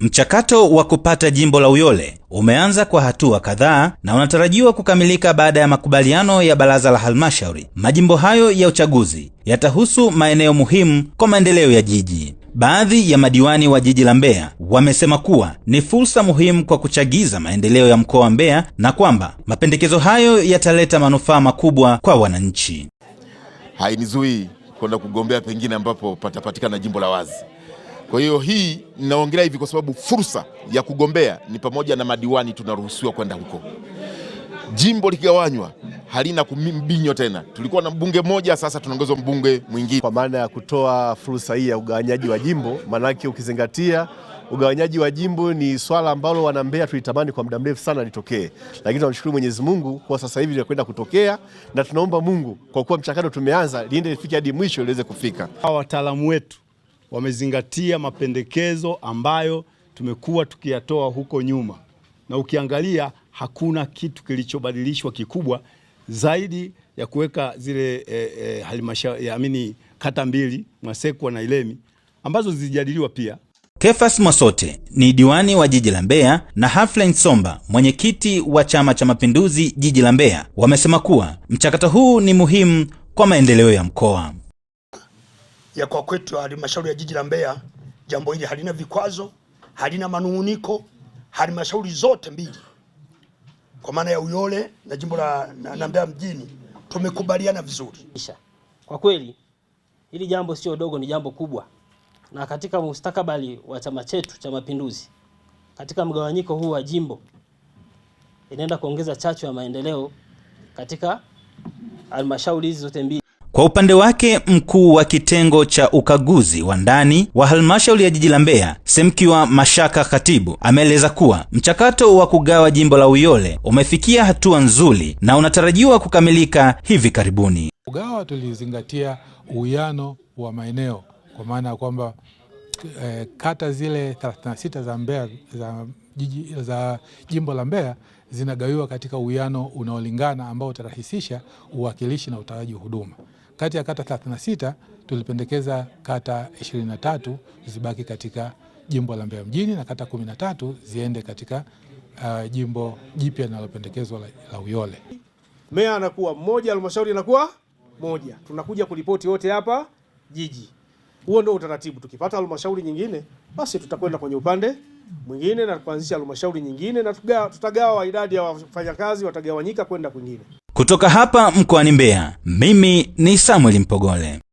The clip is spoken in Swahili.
Mchakato wa kupata jimbo la Uyole umeanza kwa hatua kadhaa na unatarajiwa kukamilika baada ya makubaliano ya baraza la halmashauri. Majimbo hayo ya uchaguzi yatahusu maeneo muhimu kwa maendeleo ya jiji. Baadhi ya madiwani wa jiji la Mbeya wamesema kuwa ni fursa muhimu kwa kuchagiza maendeleo ya mkoa wa Mbeya na kwamba mapendekezo hayo yataleta manufaa makubwa kwa wananchi. Hainizui kwenda kugombea pengine ambapo patapatikana jimbo la wazi. Kwa hiyo hii ninaongelea hivi kwa sababu fursa ya kugombea ni pamoja na madiwani, tunaruhusiwa kwenda huko. Jimbo likigawanywa halina kumbinyo tena. Tulikuwa na mbunge mmoja, sasa tunaongezwa mbunge mwingine, kwa maana ya kutoa fursa hii ya ugawanyaji wa jimbo. Maanake ukizingatia ugawanyaji wa jimbo ni swala ambalo wanambea tulitamani kwa muda mrefu sana litokee, lakini tunamshukuru Mwenyezi Mungu kwa sasa hivi linakwenda kutokea, na tunaomba Mungu kwa kuwa mchakato tumeanza, liende lifike hadi mwisho liweze kufika. Hawa wataalamu wetu wamezingatia mapendekezo ambayo tumekuwa tukiyatoa huko nyuma, na ukiangalia hakuna kitu kilichobadilishwa kikubwa zaidi ya kuweka zile e, eh, e, eh, halmashauri amini kata mbili Mwasekwa na Ilemi ambazo zilijadiliwa pia. Kefas Mosote ni diwani wa jiji la Mbeya na Haflen Somba mwenyekiti wa Chama cha Mapinduzi jiji la Mbeya wamesema kuwa mchakato huu ni muhimu kwa maendeleo ya mkoa ya kwetu wa halmashauri ya jiji la Mbeya, jambo hili halina vikwazo, halina manunguniko. Halmashauri zote mbili kwa maana ya Uyole na jimbo la na, na Mbeya mjini tumekubaliana vizuri. Kwa kweli hili jambo sio dogo, ni jambo kubwa, na katika mustakabali wa chama chetu cha Mapinduzi, katika mgawanyiko huu wa jimbo, inaenda kuongeza chachu ya maendeleo katika halmashauri hizi zote mbili. Kwa upande wake mkuu wa kitengo cha ukaguzi wa ndani wa halmashauri ya jiji la Mbeya, Semkiwa Mashaka Katibu, ameeleza kuwa mchakato wa kugawa jimbo la Uyole umefikia hatua nzuri na unatarajiwa kukamilika hivi karibuni. Kugawa tulizingatia uwiano wa maeneo, kwa maana ya kwamba eh, kata zile 36 za Mbeya za jiji za jimbo la Mbeya zinagawiwa katika uwiano unaolingana ambao utarahisisha uwakilishi na utoaji huduma. Kati ya kata 36 tulipendekeza kata 23 zibaki katika jimbo la Mbeya mjini na kata 13 ziende katika uh, jimbo jipya linalopendekezwa la, la Uyole. Meya anakuwa mmoja, halmashauri anakuwa moja, tunakuja kulipoti wote hapa jiji. Huo ndio utaratibu. Tukipata halmashauri nyingine, basi tutakwenda kwenye upande mwingine na kuanzisha halmashauri nyingine, na tutagawa idadi ya wafanyakazi, watagawanyika kwenda kwingine. Kutoka hapa mkoani Mbeya, mimi ni Samuel Mpogole.